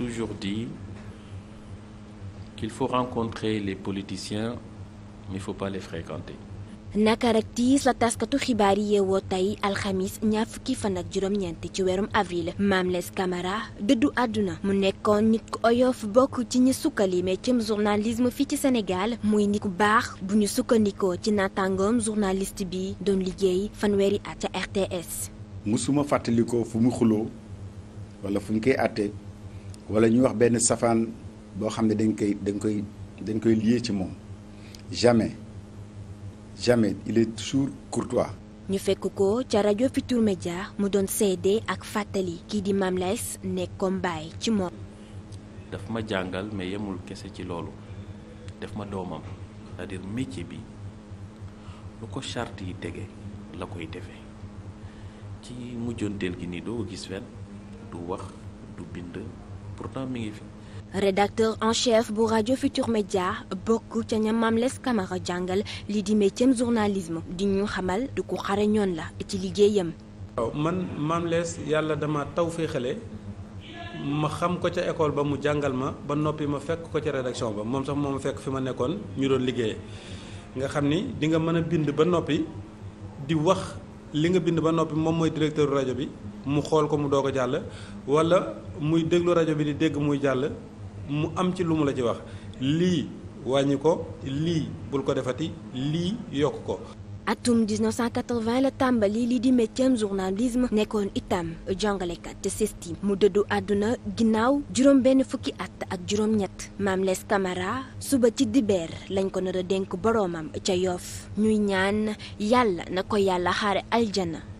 toujours dit qu'il faut rencontrer les politiciens mais il faut pas les fréquenter. naka rek tiis la taskatu xibaar yi yeewoo tey alxamis ñaar fukki fan ci weerum avril Mamles Camara dëddu àdduna mu nekkoon nit ku oyof bokk ci ñi sukkalime cim journalisme fii ci Sénégal muy nit ku baax bu ñu sukkandikoo ci naataangoom journaliste bi doon liggéey fanweeri at ca RTS. musuma fàttalikoo fu mu xuloo wala fu ñu koy àttee. wala ñu wax benn safaan boo xam ne dañ koy dañ koy dañ koy lié ci moom jamais jamais il est toujours courtois. ñu fekk ko ca rajo Futurs Médias mu doon seede ak fàttali kii di Mame Less nekkoon baay ci moom. daf ma jàngal ma yemul kese ci loolu daf ma doomam cest à bi lu ko chart yi tege la koy defe ci mujjoonteel gi nii doo ko gis fenn du wax du bind. pourtant mi ngi fi. rédacteur en chef bu rajo Futur Média bokk ca ña Mame Less Camara jàngal li di métier journalisme di ñu xamal du ko xare ñoon la ci liggéeyam. waaw man Mame Less yàlla dama taw féexale ma xam ko ca école ba mu jàngal ma ba noppi ma fekk ko ca rédaction ba moom sax moom fekk fi ma nekkoon ñu doon liggéeyee nga xam ni di nga mën a bind ba noppi di wax li nga bind ba noppi moom mooy directeur rajo bi. mu xool ko mu doog a jàll wala muy déglu rajo bi di dégg muy jàll mu am ci lu mu la ci wax lii wàññi ko lii bul ko defati lii yokk ko. atum 1980 la tàmbali lii di métier journalisme nekkoon itam jàngalekat te sesti mu dëddu àdduna ginnaaw juróom benn fukki at ak juróom ñett maam les Camara suba ci dibeer lañ ko nar a dénk boroomam ca Yoff ñuy ñaan yàlla na ko yàlla xaare aljana